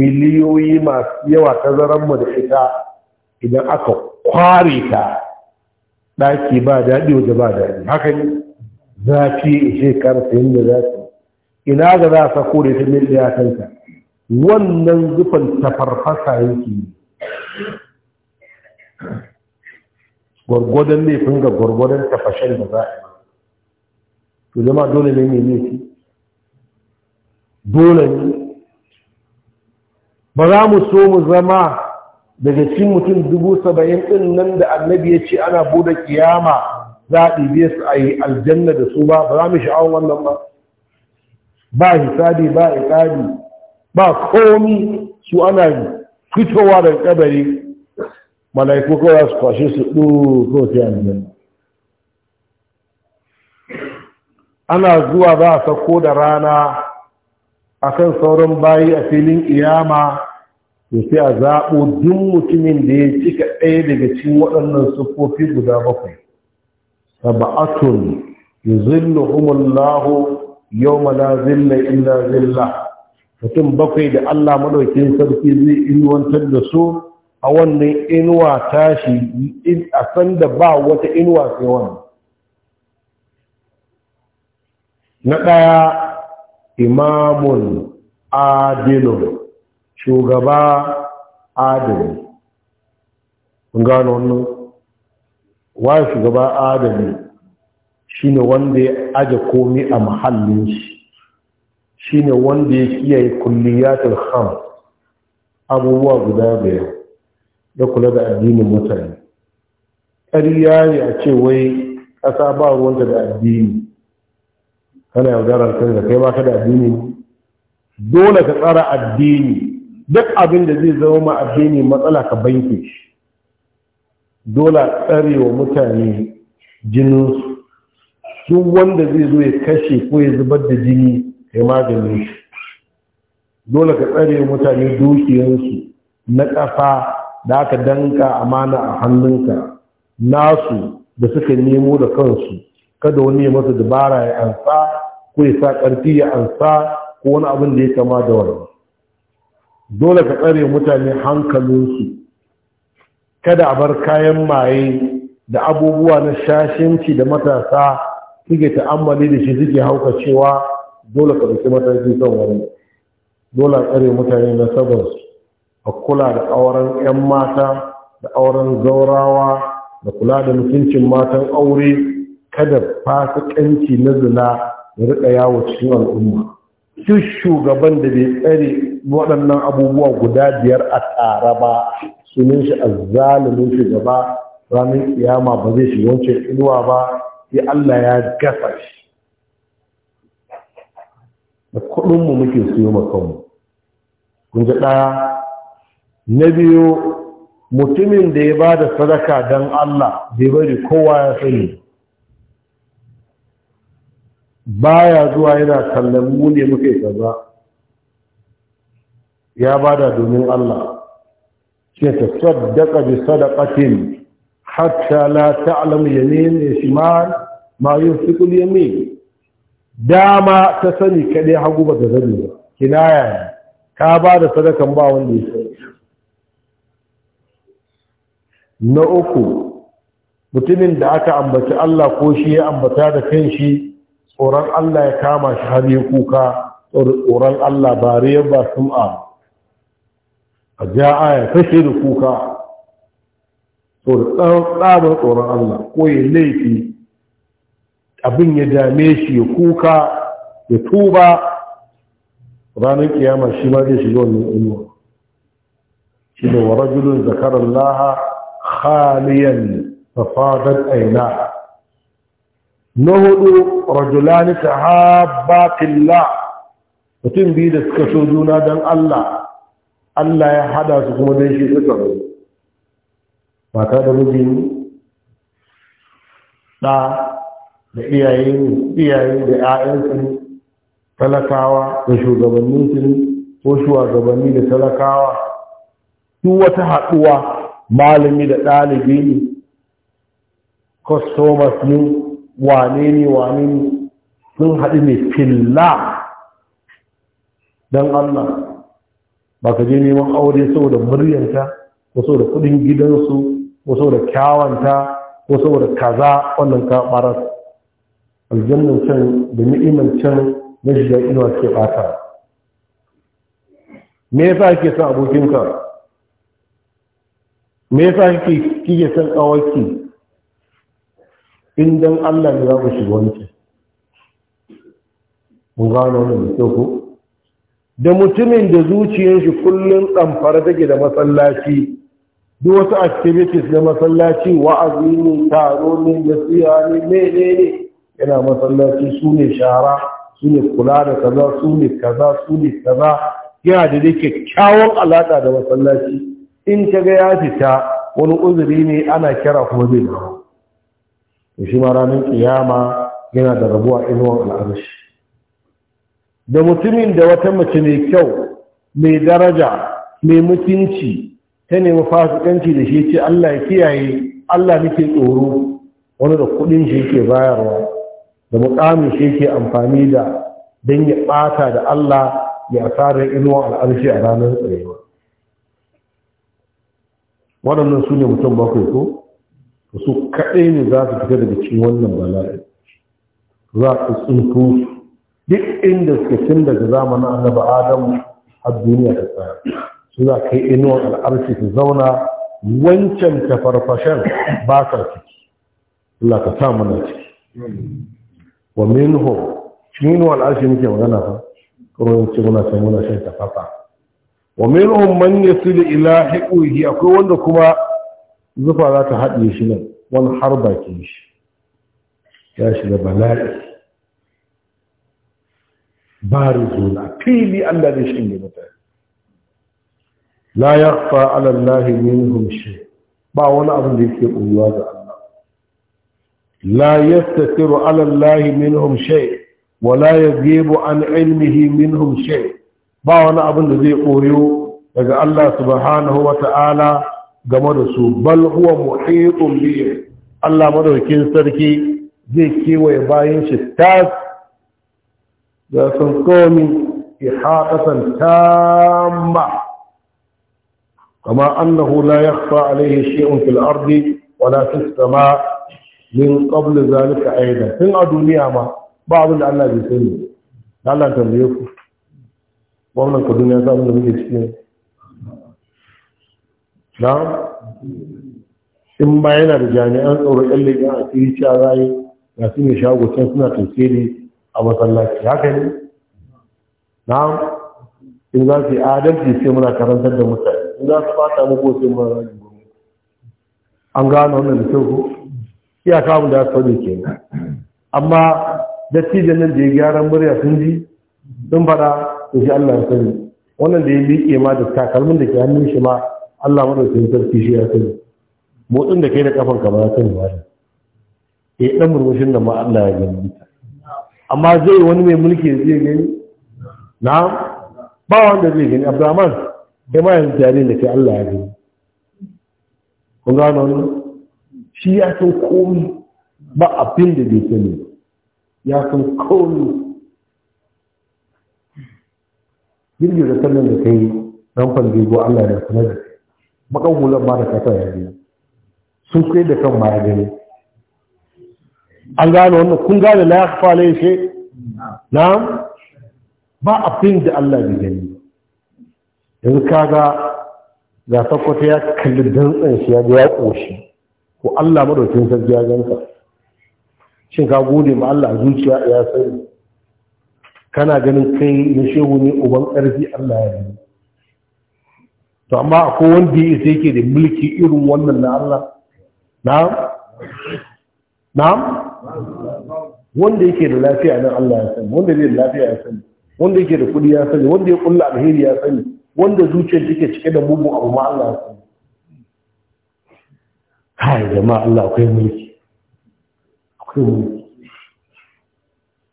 miliyoyi masu yawa tazararmu da ita idan aka kware ta ɗaki ba daɗi waje ba daɗi haka ne zafi ishe karfe yin da zafi ina ga za a sako da ita mil ɗaya kanta wannan zufan tafarfasa yake gwargwadon laifin ga gwargwadon tafashen da za a yi to zama dole ne mai laifi dole ne ba za mu so mu zama daga cikin mutum dubu saba'in ɗin nan da annabi ya ce ana bude kiyama za a ɗibe su a yi aljanna da su ba ba za mu sha'awar wannan ba ba hisabi ba iƙabi ba komi su ana fitowa daga kabari mala'iku kawai su kwashe su ɗu ko ana zuwa za a sako da rana akan sauran bayi a filin iyama to sai a zaɓo duk mutumin da ya cika ɗaya daga cikin waɗannan siffofi guda bakwai saba'atun yuzilluhumullahu yawma la zilla illa zilla mutum bakwai da Allah maɗaukin sarki zai ilwantar da su a wannan inuwa tashi a sanda ba wata inuwa sai wani na ɗaya imamun adilun shugaba adali gano wannan wa shugaba shi ne wanda ya aje komi a mahallin shi Shi ne wanda ya kiyaye kulliyatul ham abubuwa guda biyar da kula da addinin mutane ƙarya ne a ce wai ƙasa ba ruwanta da addini kana yaudarar kan da kai baka da addini dole ka tsara addini duk abin da zai zama ma addini matsala ka banke shi dole a tsare wa mutane jininsu duk wanda zai zo ya kashe ko ya zubar da jini kai magani shi dole ka tsare mutane dukiyarsu na ƙasa da aka danka amana a hannunka nasu da suka nemo da kansu kada wani ya masa dabara ya ansa ko ya sa ƙarfi ya ansa ko wani abin da ya kama da wani dole ka tsare mutane hankalinsu kada a bar kayan maye da abubuwa na shashinci da matasa suke ta'ammali da shi suke hauka cewa dole ka ɗauki mataki kan wani dole a tsare mutane na sabonsu a kula da auren 'yan mata da auren zaurawa da kula da mutuncin matan aure kada fasikanci na zina da riƙa yawo cikin al'umma duk shugaban da bai tsare waɗannan abubuwa guda biyar a tsara ba sunan shi a zalimin shugaba ranar kiyama ba zai shiga wancan inuwa ba sai Allah ya gasa shi da kuɗinmu muke siyo ma kanmu kun ji ɗaya na biyu mutumin da ya ba da sadaka don Allah bai bari kowa ya sani ba ya zuwa yana kallon mu ne muke kaza ya ba da domin Allah ce ta saddaka bi sadaqatin hatta la ta'lam yamin shimal ma yunfiqu yamin dama ta sani kade hagu ba da zabi kinaya ka ba da sadakan ba wanda ya sani na uku mutumin da aka ambaci Allah ko shi ya ambata da kanshi tsoron Allah ya kama shi har ya kuka tsoron Allah ba riyar ba sum'a a ja'a aya kashe da kuka tsabar tsoron Allah ko ya laifi abin ya dame shi ya kuka ya tuba ranar kiyama shi ma zai shiga wannan inuwa shi da wa rajulun zakarar laha khaliyan fafadat aina na hudu rajulani tahabba fillah mutum biyu da suka so juna don Allah Allah ya haɗa su kuma don shi suka rabu mata da miji ɗa da iyaye da ƴaƴansu talakawa da shugabanninsu ko shugabanni da talakawa duk wata haɗuwa malami da ɗalibi ne customers ne wane ne wane ne sun haɗu ne filla don allah ba ka je neman aure saboda muryanta ko saboda kuɗin gidansu ko saboda kyawanta ko saboda kaza wannan ka ɓarar aljannan can da ni'imar can na shiga inuwa ke ɓata me yasa ake son abokinka me yasa kike kike san kawarki in dan Allah ne za ku shiga mun gano ne da kyau ko da mutumin da zuciyar shi kullum ɗamfara take da masallaci duk wasu activities na masallaci wa'azi ne taro ne nasiha ne mene ne yana masallaci su ne shara su ne kula da kaza su ne kaza su ne kaza yana da dai kyakkyawan alaƙa da masallaci in ta ga ya fita wani uzuri ne ana kira kuma zai dawo shi ma ranar kiyama yana da rabuwa inuwan al'arshi da mutumin da wata mace mai kyau mai daraja mai mutunci ta nemi fasikanci da shi ce Allah ya kiyaye Allah nake tsoro wani da kudin shi yake bayarwa da mukamin shi yake amfani da don ya bata da Allah ya asarar inuwan al'arshi a ranar tsayewa waɗannan su ne mutum bakwai ko su kaɗai ne za su fita daga cikin wannan bala'i za su tsinto su duk inda suke tun daga zamanin annaba adamu a duniya ta tsaya su za kai inuwar al'arci su zauna wancan tafarfashen ba ka ciki Allah ka sa mana ciki wa minhu cikin inuwar al'arci muke magana fa kuma yanci muna sai muna shan tafafa wa minhum man yasilu ila hiqihi akwai wanda kuma zufa za ta haɗe shi nan wani har bakin shi ya shiga bala'i ba rizuna fili Allah zai shinge mutane la yaqfa ala Allah minhum shi ba wani abin da yake koyuwa ga Allah la yastatiru ala Allah minhum shay wa la yajibu an ilmihi minhum shay ba wani abin da zai koyo daga Allah subhanahu wa ta'ala game da su bal huwa muhitun Allah madaukin sarki zai kewaye bayan shi tas da sun komi ihatatan tamma kama annahu la ya alayhi shay'un fil ardi wala su sama min qabl zalika aida. tun a duniya ma ba abin da Allah bai sani Allah tambaye ku gwamnan kaduna duniya samu da muke cikin na in ba yana da jami'an tsoro yan leƙen a tsiri cewa za yi ga su ne shago can suna ne a masallaci haka ne na in za su yi adalci sai muna karantar da mutane in za su fata muku sai muna rajin gwamnati an gano wannan da kyau ko iya kawo da su ne kenan amma dattijan nan da ya gyara murya sun ji sun fada to shi Allah ya sani wannan da ya miƙe ma da takalmin da ke hannun shi ma Allah madaukakin sarki shi ya sani motsin da kai da kafan ka ba ya sani ba eh dan murmushin da ma Allah ya gani amma zai wani mai mulki zai gani na ba wanda zai gani Abdurrahman kai ma yanzu jari da kai Allah ya gani kun gano shi ya san komi ba abin da bai sani ya san komi da sannan da kai dan zuwa Allah da kuma da kai bakan hulan ma da kasa ya gani sun kai da kan ma ya gani an gane wannan kun gane la fa alayhi shi? na'am ba abin da Allah ya gani yanzu kaga ga sakwata ya kalli dantsan shi ya ga ƙoshi, koshi ko Allah madaukin sarki ya ganka shin ka gode ma Allah a zuciya ya sani kana ganin kai na shehu ne uban ƙarfi Allah ya yi to amma ko wanda ya isa yake da mulki irin wannan na Allah na'am na'am wanda yake da lafiya nan Allah ya sani wanda zai da lafiya ya sani wanda yake da kuɗi ya sani wanda ya kulla alheri ya sani wanda zuciyar take cike da mugun abu ma Allah ya sani kai jama'a Allah akwai mulki akwai mulki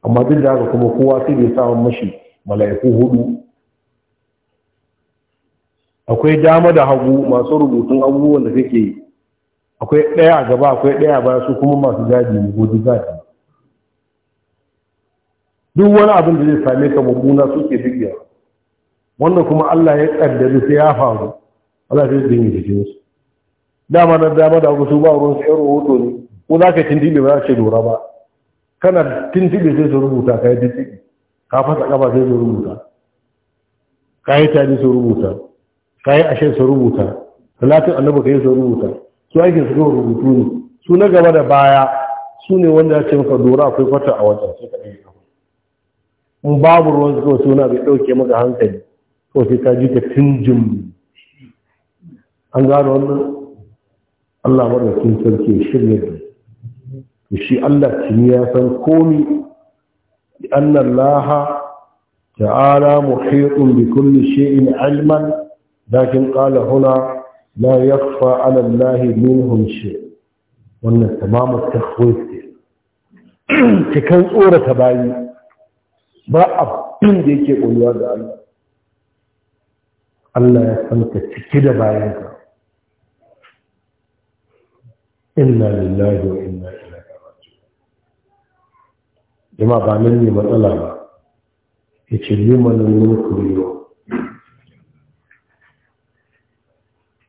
amma duk da haka kuma kowa sai da samun mashi mala'iku hudu akwai dama da hagu masu rubutun abubuwan da kake yi akwai ɗaya a gaba akwai ɗaya baya su kuma masu jaji ne gudu gadi duk wani abin da zai same ka mummuna suke dukiya wanda kuma Allah ya kaddari sai ya faru Allah zai dinga jikin su dama na dama da hagu su ba ruwan sai rahoto ne ko za ka tindibe ba za ka ce dora ba kana tintibe sai su rubuta ka yi tintibe ka fasa kafa sai su rubuta ka yi tari su rubuta ka yi ashe su rubuta talatin annabi ka yi su rubuta su ake su kawai rubutu ne su na gaba da baya su ne wanda ya ce maka dora akwai kwata a wajen sai ka ɗaya in babu ruwan su suna bai ɗauke maka hankali ko sai ka ji ka tinjin an gano wannan Allah madaukin sarki shirya da shi Allah tuni ya san komi anna Allah ta'ala muhitun bi kulli shay'in ilman lakin qala huna la yakhfa 'ala Allah minhum shay wannan tamamu takhwif cikin ta bayi ba abin da yake koyuwa da Allah Allah ya san ka ciki da bayanka inna lillahi wa inna ilaihi jama ba nan ne matsala ba ya ce limanin mulku yau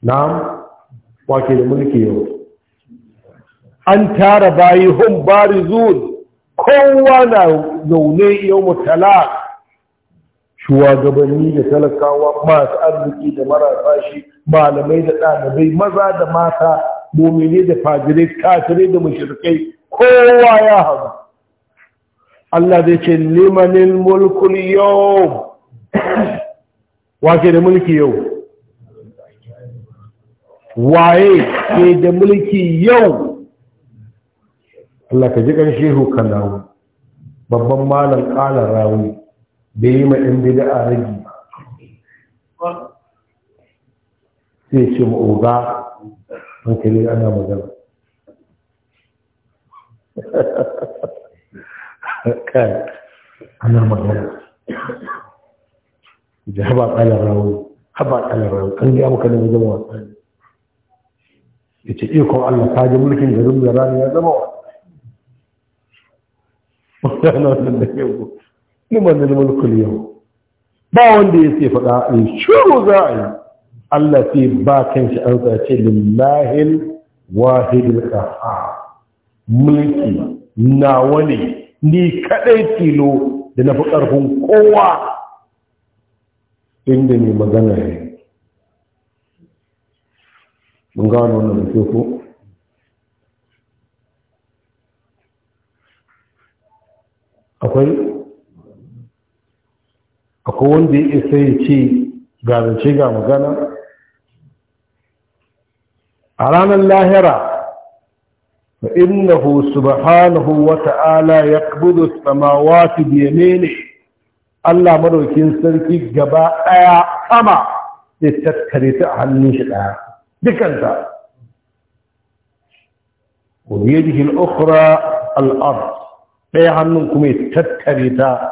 na wake da mulki yau an tara bayi hun bari zuwa kowa na zaune yau mutala shugabanni da talakawa masu arziki da marasa shi malamai da ɗalibai maza da mata momine da fajirai kafirai da mashirkai kowa ya hazu Allah zai ce limanin mulkul yau wake da mulki yau waye ke da mulki yau Allah ka ji kan shehu kanawu babban malam kalar rawi da yi ma bida a ragi sai ce ma oga hankali ana magana كان أنا مغلوب إذا حبار على الراوي حبار على الراوي كان لي أبو كلمة جوا يتيكم على حاجة ولكن جرم يراني هذا ما أنا من اليوم لما أنا من كل يوم ما عندي شيء فقاعي شو زاعي الله في باكن شأنك لله الواحد القهار ملكي ناولي ni kadai tilo da na fi ƙarfin kowa inda ne magana ne mun gano wannan da ko akwai akwai wanda ya isa ya ce ga zance ga magana a ranar lahira فإنه سبحانه وتعالى يقبض السماوات بيمينه الله مره كنسر كي جباء آيا أما لتتكريت عني شلعا بكنتا وبيده الأخرى الأرض أي عنكم تتكريتا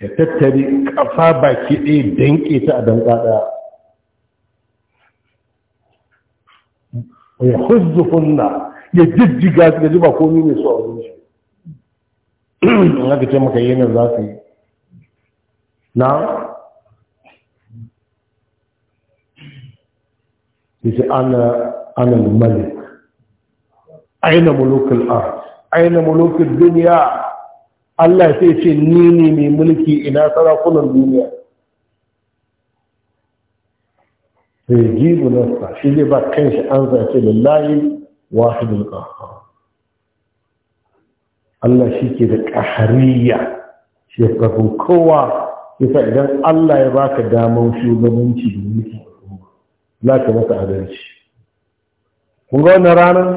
تتري أصابع كي دنكي تأدن قادا ويخذ في النار ya jijjiga su gaji ba komi ne su a wurin shi in aka ce maka yanar za su yi na yace ana ana malik aina mulukin ard aina mulukin duniya, Allah sai ce ni ne mai mulki ina sarakunan duniya sai jibu nasta shi zai ba kanshi an zace lillahi واحد القهار Allah shi ke da ƙahariya shekafin kowa yasa idan Allah ya baka damar shugabanci da mulki za ka masa adalci kun ga wannan ranar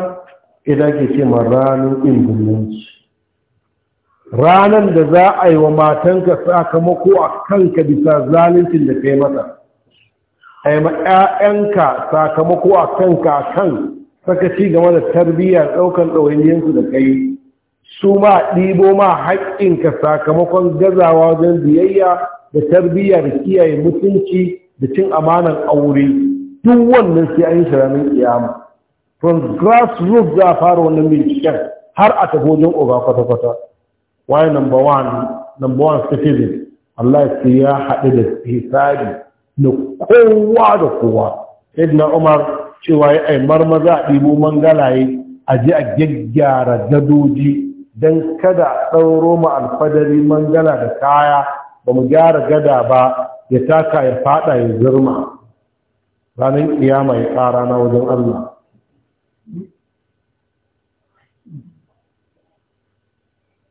idan ke da za a yi wa matanka sakamako a kanka bisa zalincin da kai mata a yi ma 'ya'yanka sakamako a kanka kan saka ci game da tarbiyya ɗaukar ɗawainiyarsu da kai su ma ɗibo ma haƙƙinka sakamakon gazawa wajen biyayya da tarbiyya da kiyaye mutunci da cin amanar aure duk wannan sai an yi shiranin kiyama from grassroots za a fara wannan binciken har a tafi wajen oga kwata-kwata why number one number one citizen Allah sai ya haɗu da hisabi da kowa da kowa Sayyidina Umar cewa ya ai marmaza a ɗibo mangalaye a ji a gyaggyara gadoji don kada a ɗauro ma alfadari mangala da kaya ba mu gyara gada ba ya taka ya fada ya zirma ranar kiyama ya ƙara na wajen Allah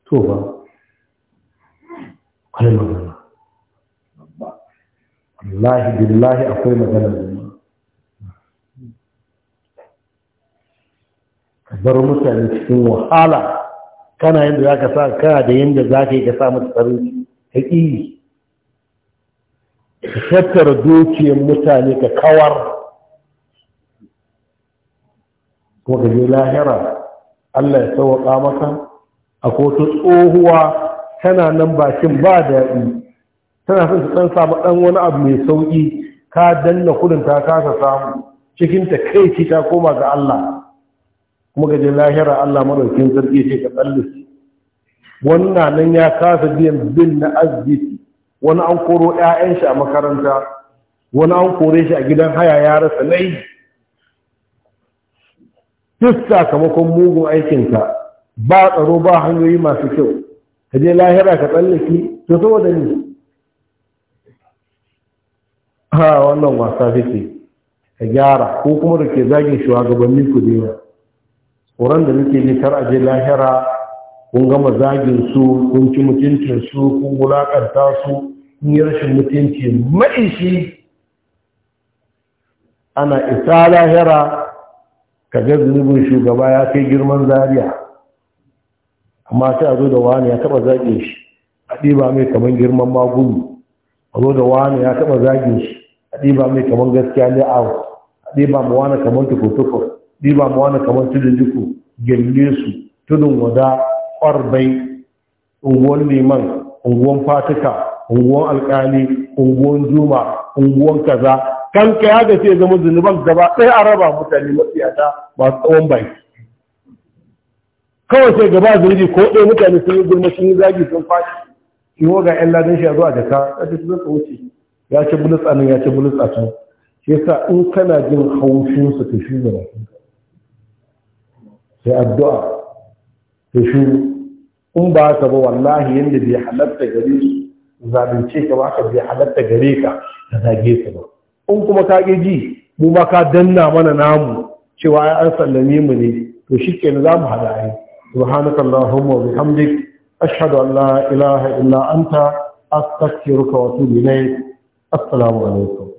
to ba Allah billahi akwai magana bar mutane cikin wahala kana yadda za ka sa kana da yadda za ka yi ka samu tsarin haƙi ka tattara dukiyar mutane ka kawar kuma ka je lahira Allah ya sauwaƙa maka a kotu tsohuwa tana nan bakin ba daɗi tana son san ɗan samu ɗan wani abu mai sauƙi ka danna kudin ta kasa samu Cikinta kai ci ta koma ga Allah kuma gaje lahira Allah madaukin sarki ce ka tsallis wannan nan ya kasa biyan bin na asibiti wani an koro 'ya'yan shi a makaranta wani an kore shi a gidan haya ya rasa nai duk sakamakon mugun aikinka ba tsaro ba hanyoyi masu kyau ka je lahira ka tsallaki to saboda ni ha wannan wasa take ka gyara ko kuma da ke zagin shugabanni ku da yawa ƙoran da nake ne kar a je lahira kun gama zagin su kun ci mutuncin su kun wulaƙanta su kun yi rashin mutunci mai shi ana isa lahira ka ga zunubin shugaba ya kai girman zariya amma sai a zo da wani ya taba zagin shi a ɗiba mai kamar girman magumi a zo da wani ya taba zagin shi a ɗiba mai kamar gaskiya ne a ɗiba ma wani kamar tukutukur ba ma wani kamar tudun duku gyalle su tudun wada ƙwarbai unguwan liman unguwan fatika unguwan alƙali unguwan juma unguwan kaza Kan ya gace ya zama zunuban gaba ɗaya a raba mutane matsiyata masu tsawon baki kawai sai gaba zunubi ko ɗaya mutane sun yi gurma sun yi zagi sun fashi shi ho ga 'yan ladan shi a zuwa jaka ya ce sun wuce ya ce bulus a nan ya ce bulus a can shi yasa in kana jin haushin su ka shi da rafin في الدعاء في شو أم باكبو والله يندي بي حلبت غريك وزابن شيك واكب بي حلبت غريك هذا جيت بو أم كما كاكي جي مما كا دنا من نامو شو آي أرسل لني مني تو شك نظام هدائي سبحانك اللهم وبحمدك أشهد أن لا إله إلا أنت أستغفرك وأتوب إليك السلام عليكم